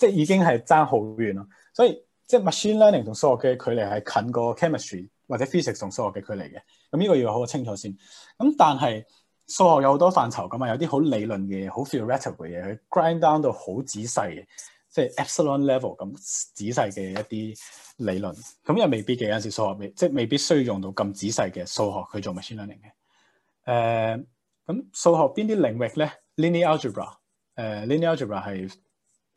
即係已經係爭好遠咯，所以即係 machine learning 同數學嘅距離係近過 chemistry 或者 physics 同數學嘅距離嘅。咁、這、呢個要好清楚先。咁但係數學有好多範疇㗎嘛，有啲好理論嘅、好 theoretical 嘅嘢，佢 grind down 到好仔細嘅，即係 epsilon level 咁仔細嘅一啲理論。咁又未必嘅，有陣時數學未即係未必需要用到咁仔細嘅數學去做 machine learning 嘅。誒、呃，咁數學邊啲領域咧？Linear algebra，誒、呃、linear algebra 係。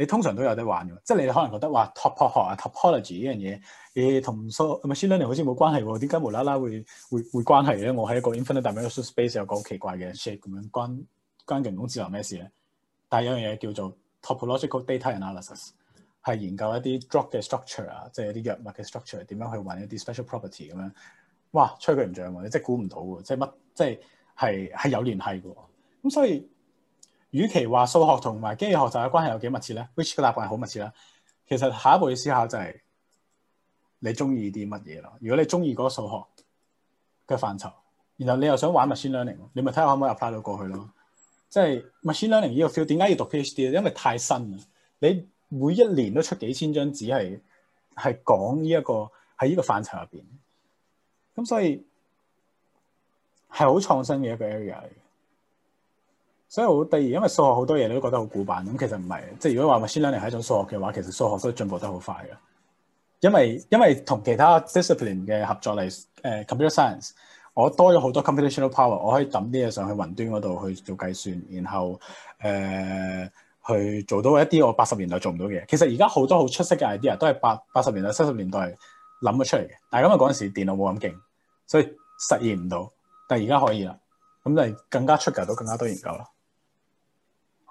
你通常都有得玩㗎，即係你可能覺得話拓撲學啊、topology 呢樣嘢，誒同數唔係 machine learning 好似冇關係喎，點解無啦啦會會會關係咧？我喺一個 infinite dimensional space 有個好奇怪嘅 shape 咁樣關，關關人工智能咩事咧？但係有樣嘢叫做 topological data analysis，係研究一啲 drug 嘅 structure 啊，即係啲藥物嘅 structure 點樣去揾一啲 special property 咁樣，哇！吹佢唔漲喎，即係估唔到喎，即係乜即係係係有聯繫㗎喎，咁所以。與其話數學同埋機器學習嘅關係有幾密切咧？Which 個答案係好密切啦。其實下一步要思考就係你中意啲乜嘢咯？如果你中意嗰個數學嘅範疇，然後你又想玩 machine learning，你咪睇下可唔可以 apply 到過去咯。即係 machine learning 呢個 feel 點解要讀 PhD 咧？因為太新啦。你每一年都出幾千張紙係係講呢一個喺呢個範疇入邊，咁所以係好創新嘅一個 area。所以好，第二，因為數學好多嘢你都覺得好古板，咁其實唔係，即係如果話 machine learning 係一種數學嘅話，其實數學都進步得好快嘅。因為因為同其他 discipline 嘅合作嚟，誒、呃、computer science，我多咗好多 computational power，我可以抌啲嘢上去雲端嗰度去做計算，然後誒、呃、去做到一啲我八十年代做唔到嘅。其實而家好多好出色嘅 idea 都係八八十年代、七十年代諗咗出嚟嘅，但係因為嗰陣時電腦冇咁勁，所以實現唔到。但係而家可以啦，咁就更加出格到更加多研究啦。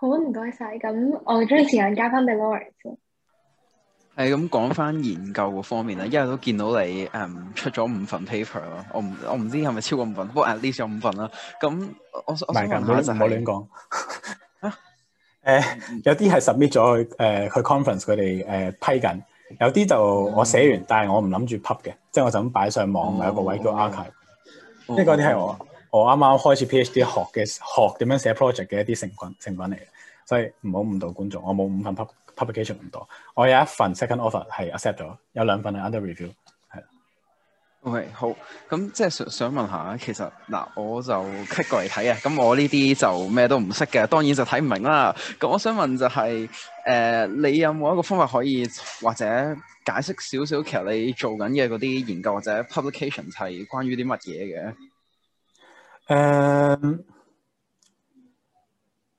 好唔該晒，咁我將時間交翻俾 Lawrence 係咁講翻研究方面啦，因為都見到你誒、嗯、出咗五份 paper 咯，我唔我唔知係咪超過五份，不過至少有五份啦。咁我，我想我先講下就唔好亂講。誒、呃，有啲係 submit 咗去誒去 conference，佢哋誒批緊；有啲就我寫完，mm hmm. 但係我唔諗住 pub 嘅，即係我就咁擺上網，有個位叫 Archive、mm。呢個啲係我。Hmm. Mm hmm. 我啱啱開始 PhD 學嘅學點樣寫 project 嘅一啲成品成品嚟，所以唔好誤導觀眾。我冇五份 pub publication 咁多，我有一份 second offer 係 accept 咗，有兩份係 under review。係。OK，好。咁即係想想問下，其實嗱，我就 cut 過嚟睇啊。咁我呢啲就咩都唔識嘅，當然就睇唔明啦。咁我想問就係、是，誒、呃，你有冇一個方法可以或者解釋少少，其實你做緊嘅嗰啲研究或者 publication 係關於啲乜嘢嘅？誒、um,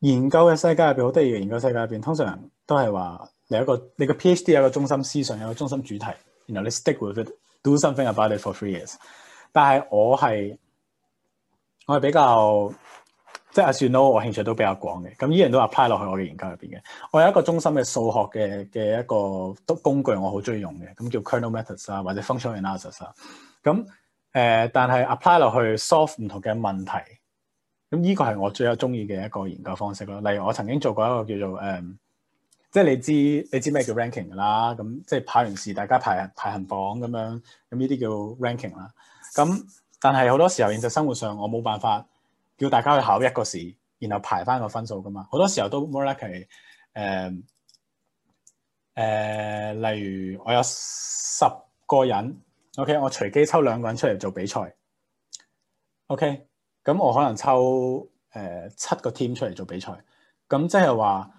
研究嘅世界入邊好得意嘅，研究世界入邊，通常都係話你有一個你個 PhD 有個中心思想，有個中心主題，然後你 stick with it，do something about it for three years 但是是。但係我係我係比較即係，阿算我興趣都比較廣嘅，咁依然都 apply 落去我嘅研究入邊嘅。我有一個中心嘅數學嘅嘅一個工具我，我好中意用嘅，咁叫 kernel methods 啊，或者 functional analysis 啊，咁。誒，但係 apply 落去 solve 唔同嘅問題，咁呢個係我最有中意嘅一個研究方式咯。例如我曾經做過一個叫做誒、嗯，即係你知你知咩叫 ranking 噶啦，咁即係跑完試大家排排行榜咁樣，咁呢啲叫 ranking 啦。咁、嗯嗯嗯、但係好多時候現實生活上，我冇辦法叫大家去考一個試，然後排翻個分數噶嘛。好多時候都 more lucky，誒誒，例如我有十個人。O.K. 我隨機抽兩個人出嚟做比賽。O.K. 咁我可能抽誒、呃、七個 team 出嚟做比賽。咁即係話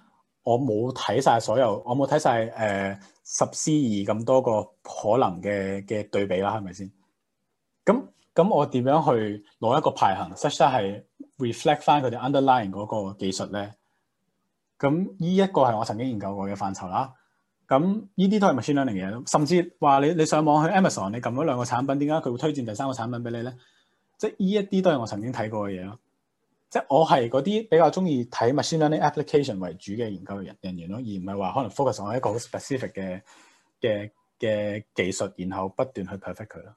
我冇睇晒所有，我冇睇晒誒十 C 二咁多個可能嘅嘅對比啦，係咪先？咁咁我點樣去攞一個排行，實質係 reflect 翻佢哋 underline 嗰個技術咧？咁呢一個係我曾經研究過嘅範疇啦。咁呢啲都係 machine learning 嘢咯，甚至話你你上網去 Amazon，你撳咗兩個產品，點解佢會推薦第三個產品俾你咧？即係呢一啲都係我曾經睇過嘅嘢咯。即係我係嗰啲比較中意睇 machine learning application 為主嘅研究人人員咯，而唔係話可能 focus 喺一個好 specific 嘅嘅嘅技術，然後不斷去 perfect 佢咯。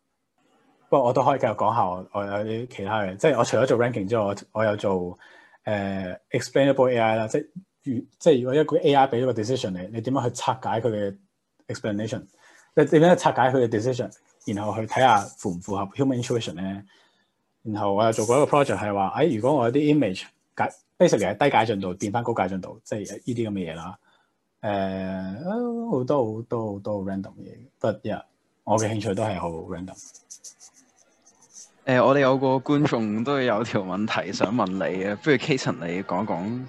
不過我都可以繼續講下我有啲其他嘅，即係我除咗做 ranking 之外，我我有做誒、呃、explainable AI 啦，即即係如果一個 A.I. 俾咗個 decision 你，你點樣去拆解佢嘅 explanation？你點樣拆解佢嘅 decision？然後去睇下符唔符合 human intuition 咧？然後我又做過一個 project 係話，誒、哎，如果我有啲 image 解，basically 係低解像度變翻高解像度，即係呢啲咁嘅嘢啦。誒、呃，好多好多好多好 random 嘅嘢。But 我嘅興趣都係好 random。誒、呃，我哋有個觀眾都有條問題想問你嘅，不如 Caton 你講講。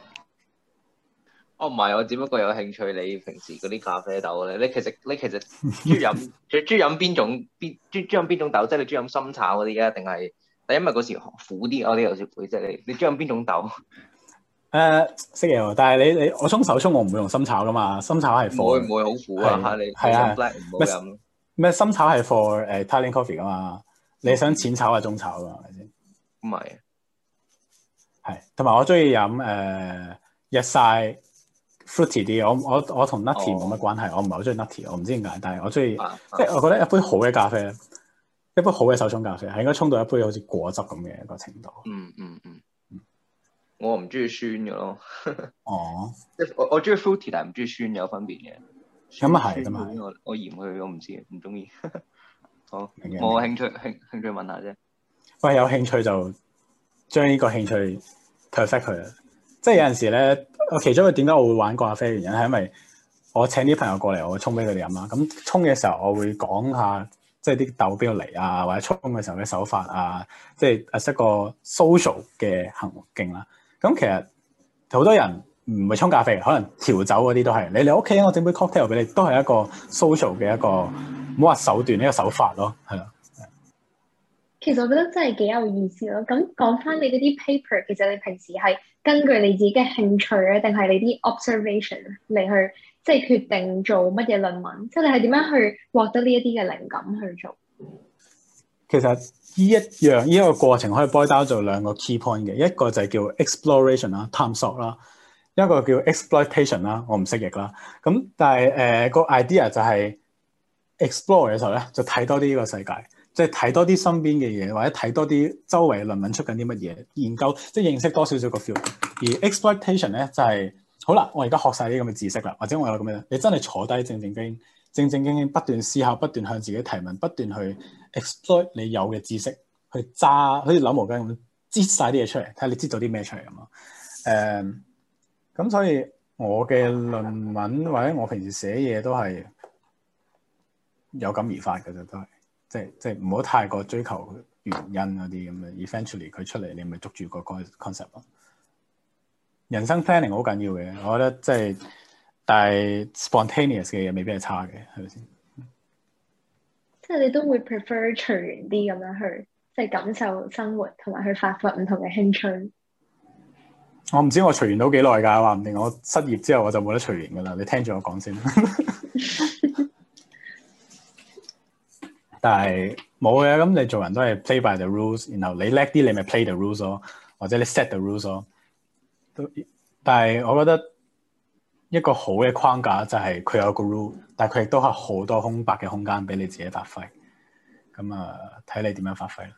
哦，唔係，我只不過有興趣你平時嗰啲咖啡豆咧。你其實你其實中意飲最中意飲邊種？邊中中意飲邊種豆？即係你中意飲深炒嗰啲啊，定係因為嗰時苦啲，我啲有少少苦。即係你你中意飲邊種豆？誒識嘅，但係你你我沖手沖，我唔會用深炒噶嘛。深炒係唔會唔會好苦啊？的你係啊咩？深炒係 for 誒 Italian coffee 噶嘛？你想淺炒啊，中炒啊，係咪先？唔係，係同埋我中意飲誒日曬。fruity 啲，我我我同 nutty 冇乜關係，我唔係好中意 nutty，我唔知點解，但係我中意，即係我覺得一杯好嘅咖啡，一杯好嘅手沖咖啡係應該沖到一杯好似果汁咁嘅一個程度。嗯嗯嗯，我唔中意酸嘅咯。哦，即係我我中意 fruity，但係唔中意酸有分別嘅。咁啊係，咁啊係，我我嫌佢，我唔知唔中意。好，我興趣興興趣問下啫。喂，有興趣就將呢個興趣 perfect 佢啦。即係有陣時咧。我其中一個點解我會玩咖啡原因，係因為我請啲朋友過嚟，我會沖俾佢哋飲啦。咁沖嘅時候，我會講下即係啲豆邊嚟啊，或者沖嘅時候嘅手法啊，即係一個 social 嘅行徑啦。咁其實好多人唔係沖咖啡，可能調酒嗰啲都係。你嚟我屋企，我整杯 cocktail 俾你，都係一個 social 嘅一個唔好話手段呢個手法咯，係咯。其實我覺得真係幾有意思咯。咁講翻你嗰啲 paper，其實你平時係。根據你自己嘅興趣咧，定係你啲 observation 嚟去，即係決定做乜嘢論文。即係你係點樣去獲得呢一啲嘅靈感去做？其實呢一樣呢一個過程可以 break down 做兩個 key point 嘅，一個就係叫 exploration 啦，探索啦；一個叫 exploitation 啦，我唔識譯啦。咁但係誒個 idea 就係 explore 嘅時候咧，就睇多啲呢個世界。即係睇多啲身邊嘅嘢，或者睇多啲周圍論文出緊啲乜嘢研究，即係認識多少少個 feel。而 exploitation 咧就係、是、好啦，我而家學晒啲咁嘅知識啦，或者我有咁樣，你真係坐低正正經正正經經不斷思考，不斷向自己提問，不斷去 exploit 你有嘅知識去揸，好似扭毛巾咁擠晒啲嘢出嚟，睇下你知道啲咩出嚟咁咯。誒、嗯，咁所以我嘅論文或者我平時寫嘢都係有感而發嘅啫，都係。即係即係唔好太過追求原因嗰啲咁啊，eventually 佢出嚟，你咪捉住嗰個 concept 囉。人生 planning 好緊要嘅，我覺得即係，但係 spontaneous 嘅嘢未必係差嘅，係咪先？即係你都會 prefer 隨緣啲咁樣去，即係感受生活，同埋去發揮唔同嘅興趣。我唔知我隨緣到幾耐噶，話唔定我失業之後我就冇得隨緣噶啦。你聽住我講先。 *laughs* 但係冇嘅，咁你做人都係 play by the rules，然後你叻啲，你咪 play the rules 咯，或者你 set the rules 咯。都，但係我覺得一個好嘅框架就係佢有一個 rule，但係佢亦都係好多空白嘅空間俾你自己發揮。咁、嗯、啊，睇、呃、你點樣發揮。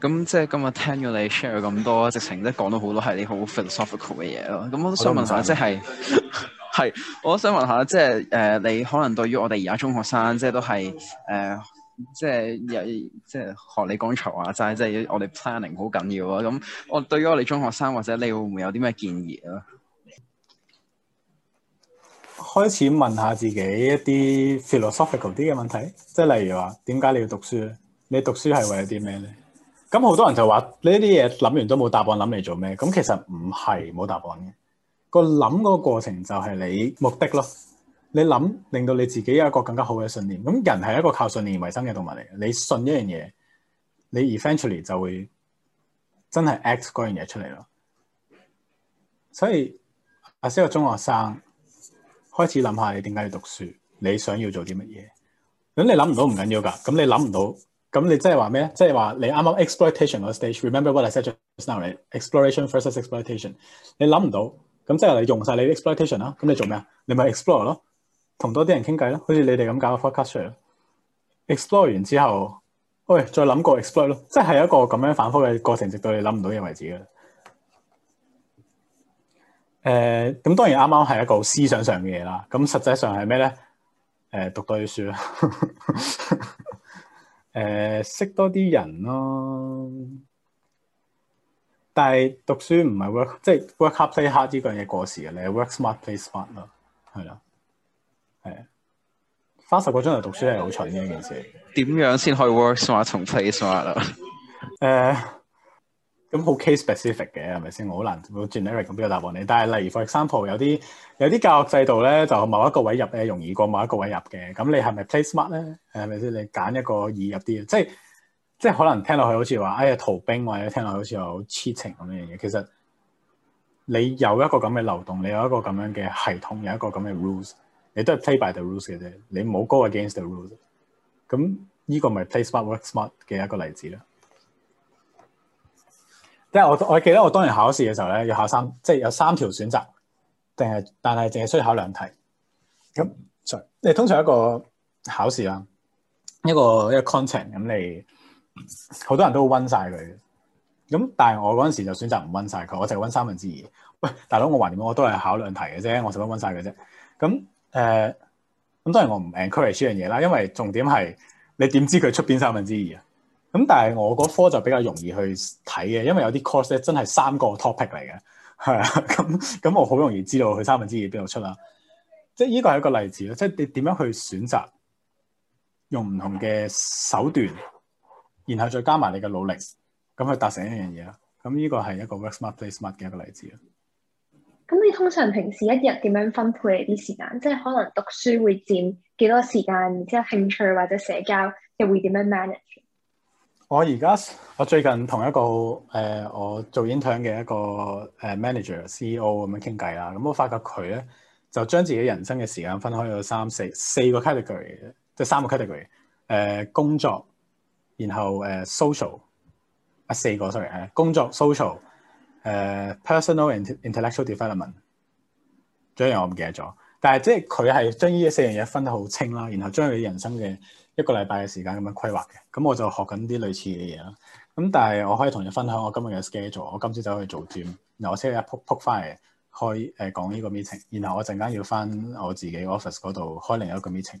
咁即係今日聽咗你 share 咁多，直情都講到好多係你好 philosophical 嘅嘢咯。咁我都想問下，即係。就是 *laughs* 係，我想問下，即係誒、呃，你可能對於我哋而家中學生，即係都係誒、呃，即係有即係學你剛才話齋，即係即係我哋 planning 好緊要咯。咁我對於我哋中學生或者你會唔會有啲咩建議咧？開始問下自己一啲 philosophical 啲嘅問題，即係例如話，點解你要讀書？你讀書係為咗啲咩咧？咁好多人就話呢啲嘢諗完都冇答案，諗嚟做咩？咁其實唔係冇答案嘅。個諗個過程就係你目的咯，你諗令到你自己有一個更加好嘅信念。咁人係一個靠信念而維生嘅動物嚟嘅，你信一樣嘢，你 eventually 就會真係 act 嗰樣嘢出嚟咯。所以阿所有中學生開始諗下你點解要讀書，你想要做啲乜嘢？咁你諗唔到唔緊要噶，咁你諗唔到，咁你即係話咩即係話你啱啱、就是、exploitation 嘅 stage，remember what I said just now, right? exploration versus exploitation，你諗唔到。咁即係你用晒你 exploitation 啦，咁你做咩啊？你咪 explore 咯，同多啲人傾偈咯，好似你哋咁搞個 forecast 咯。explore 完之後，喂，再諗過 explore 咯，即係有一個咁樣反覆嘅過程，直到你諗唔到嘢為止嘅。誒、呃，咁當然啱啱係一個思想上嘅嘢啦，咁實際上係咩咧？誒、呃，讀多啲書啦，誒、 *laughs* 呃，識多啲人咯。但係讀書唔係 work，即係 work hard play hard 呢樣嘢，過時嘅，你 work smart play smart 咯，係啦，係花十個鐘頭讀書係好蠢嘅一件事。點樣先可以 work smart 同 play smart 啊？誒、 *laughs* 呃，咁好 case specific 嘅係咪先？我好難好 generic 咁俾個答案你。但係例如 for example 有啲、有啲教育制度咧，就某一個位入咧容易過某一個位入嘅，咁你係咪 play smart 咧？係咪先？你揀一個易入啲，即係。即係可能聽落去好似話，哎呀，逃兵，或者聽落去好似好 cheating 咁樣嘢。其實你有一個咁嘅漏洞，你有一個咁樣嘅系統，有一個咁嘅 rules，你都係 play by the rules 嘅啫，你唔好 go against the rules。咁呢個咪 play smart work smart 嘅一個例子囉。即係我我記得我當年考試嘅時候咧，要考三，即係有三條選擇，定係但係淨係需要考兩題。咁就你通常一個考試啦，一個一個 content 咁你。好多人都溫晒佢嘅。咁但係我嗰陣時就選擇唔溫晒佢，我就溫三分之二。喂、欸，大佬，我橫掂，我都係考兩題嘅啫，我使乜溫晒嘅啫？咁誒，咁當然我唔誒，encourage 呢樣嘢啦，因為重點係你點知佢出邊三分之二啊？咁但係我嗰科就比較容易去睇嘅，因為有啲 course 咧真係三個 topic 嚟嘅，係啊，咁咁我好容易知道佢三分之二邊度出啦。即係呢個係一個例子咯，即係你點樣去選擇用唔同嘅手段。然後再加埋你嘅努力，咁去達成一樣嘢啦。咁呢個係一個 work smart, play smart 嘅一個例子啊。咁你通常平時一日點樣分配啲時間？即係可能讀書會佔幾多時間，然之後興趣或者社交又會點樣 manage？我而家我最近同一個誒、呃、我做 intern 嘅一個誒 manager、CEO 咁樣傾偈啦。咁我發覺佢咧就將自己人生嘅時間分開咗三四四個 category，即係三個 category 誒、呃、工作。然後誒、uh, social 啊、uh, 四個 sorry 誒、uh, 工作 social 誒、uh, personal and intellectual development，仲有樣我唔記得咗，但係即係佢係將呢四樣嘢分得好清啦，然後將你人生嘅一個禮拜嘅時間咁樣規劃嘅。咁我就學緊啲類似嘅嘢啦。咁但係我可以同你分享我今日嘅 schedule。我今朝走去做 gym 然後我星期一撲撲翻嚟開誒講呢個 meeting，然後我陣間要翻我自己 office 嗰度開另一個 meeting。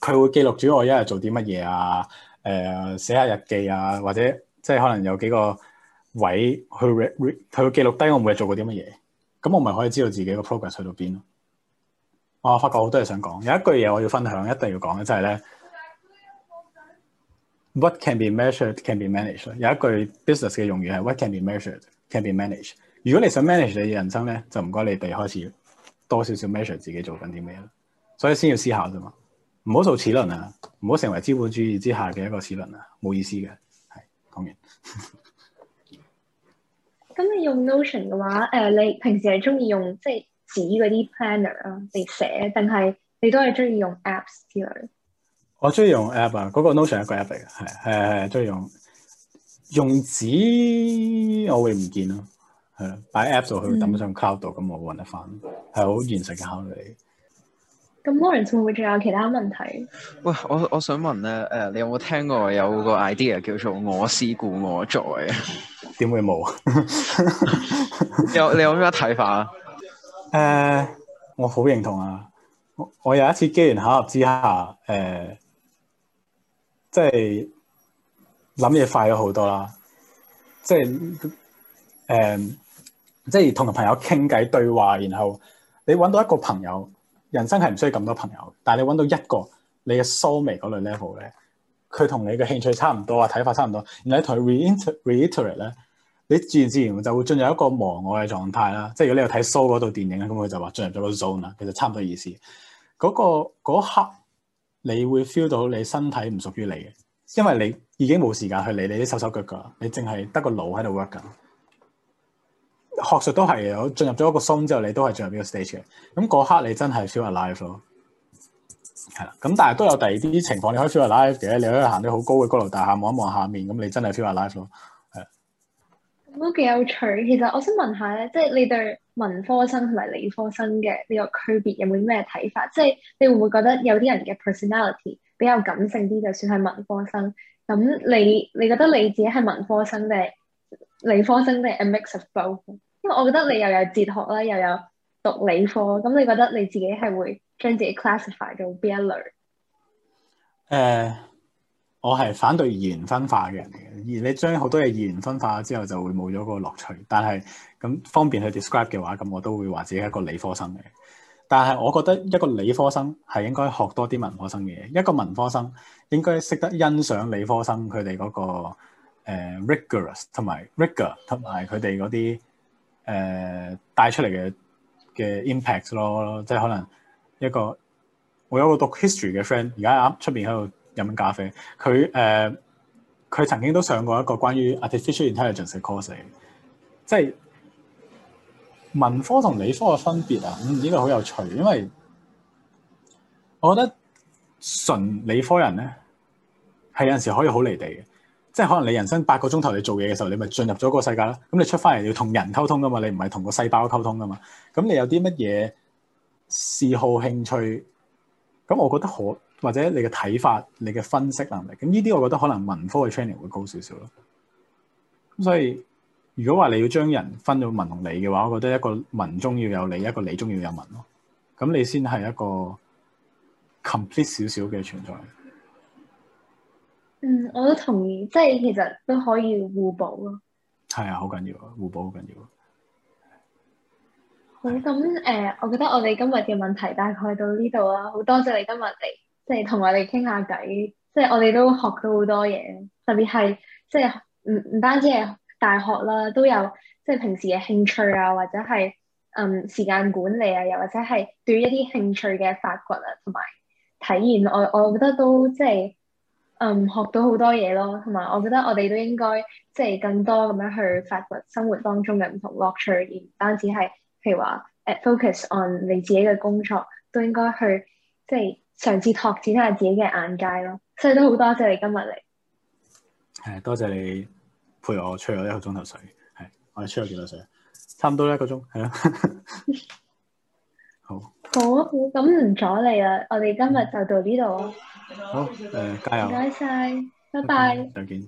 佢會記錄住我一日做啲乜嘢啊，誒、呃，寫下日記啊，或者即係可能有幾個位去佢去記錄低我每日做過啲乜嘢，咁我咪可以知道自己個 progress 去到邊咯。我、啊、發覺好多嘢想講，有一句嘢我要分享，一定要講嘅，就係、是、咧，what can be measured can be managed。有一句 business 嘅用語係 what can be measured can be managed。如果你想 manage 你嘅人生咧，就唔該你哋開始多少少 measure 自己做緊啲咩咯。所以先要思考啫嘛。唔好做齒輪啊！唔好成為資本主義之下嘅一個齒輪啊！冇意思嘅。係，講完。咁你用 Notion 嘅話，誒、呃，你平時係中意用即係紙嗰啲 planner 啊嚟寫，定係你都係中意用 apps 之類？我中意用 app 啊，嗰、那個 Notion 一個 app 嚟嘅，係係係，中意用用紙，我會唔見咯，係擺 app 度去抌上 cloud 度，咁、嗯、我揾得翻，係好現實嘅考慮。咁 Lawrence 會唔會仲有其他問題？喂，我我想問咧，誒、呃，你有冇聽過有個 idea 叫做我思故我在啊？點會冇啊？你有你有咩睇法啊？誒、呃，我好認同啊！我有一次機緣巧合之下，誒、呃，即係諗嘢快咗好多啦，即係誒、呃，即係同朋友傾偈對話，然後你揾到一個朋友。人生係唔需要咁多朋友，但係你揾到一個你嘅 show 味嗰類 level 咧，佢同你嘅興趣差唔多啊，睇法差唔多，然後同佢 r e i t e r a t e 咧，你自然自然就會進入一個忘我嘅狀態啦。即係如果你有睇 show 嗰度電影咁佢就話進入咗個 zone 啦，其實差唔多意思。嗰、那個嗰刻你會 feel 到你身體唔屬於你嘅，因為你已經冇時間去理你啲手手腳腳，你淨係得個腦喺度 work 緊。確實都係嘅。我進入咗一個 zone 之後，你都係進入邊個 stage 嘅？咁嗰刻你真係 feel alive 咯，係啦。咁但係都有第二啲情況你，你可以 feel alive 嘅。你喺度行到好高嘅高樓大廈望一望下面，咁你真係 feel alive 咯，係啊。都幾有趣。其實我想問下咧，即係你對文科生同埋理科生嘅呢個區別有冇咩睇法？即係你會唔會覺得有啲人嘅 personality 比較感性啲，就算係文科生咁？你你覺得你自己係文科生定係理科生定係 a mix of both？我覺得你又有哲學啦，又有讀理科，咁你覺得你自己係會將自己 classify 到邊一類？誒，uh，我係反對語言分化嘅人嚟嘅，而你將好多嘢語言分化之後，就會冇咗嗰個樂趣。但係咁方便去 describe 嘅話，咁我都會話自己係一個理科生嘅。但係我覺得一個理科生係應該學多啲文科生嘅嘢，一個文科生應該識得欣賞理科生佢哋嗰個，uh, rigorous 同埋 rigor 同埋佢哋嗰啲。誒、呃、帶出嚟嘅嘅 impact 咯，即係可能一個我有個讀 history 嘅 friend，而家喺出邊喺度飲咖啡，佢誒佢曾經都上過一個關於 artificial intelligence 嘅 course，嚟嘅，即係文科同理科嘅分別啊，咁、嗯、呢、這個好有趣，因為我覺得純理科人咧係有陣時可以好離地嘅。即係可能你人生八個鐘頭你做嘢嘅時候，你咪進入咗個世界啦。咁你出翻嚟要同人溝通㗎嘛？你唔係同個細胞溝通㗎嘛？咁你有啲乜嘢嗜好、興趣？咁我覺得可或者你嘅睇法、你嘅分析能力，咁呢啲我覺得可能文科嘅 training 會高少少咯。咁所以如果話你要將人分到文同理嘅話，我覺得一個文中要有理，一個理中要有文咯。咁你先係一個 complete 少少嘅存在。嗯，我都同意，即係其實都可以互補咯。係啊，好緊要啊，互補好緊要。好咁誒，呃，我覺得我哋今日嘅問題大概到呢度啦。好多謝你今日嚟，即係同我哋傾下偈，即係我哋都學到好多嘢，特別係即係唔唔單止係大學啦，都有即係平時嘅興趣啊，或者係嗯時間管理啊，又或者係對於一啲興趣嘅發掘啊，同埋體驗，我我覺得都即係。嗯，學到好多嘢咯，同埋我覺得我哋都應該即係更多咁樣去發掘生活當中嘅唔同樂趣，而唔單止係譬如話 focus on 你自己嘅工作，都應該去即係嘗試拓展下自己嘅眼界咯。所以都好多謝你今日嚟，係多謝你陪我吹咗一個鐘頭水。係我哋吹咗幾多水？差唔多一個鐘，係咯。 *laughs* 好，好啊，好，咁唔阻你啦。我哋今日就到呢度啊。好，誒，oh, uh, 加油！唔該晒，拜拜，再見。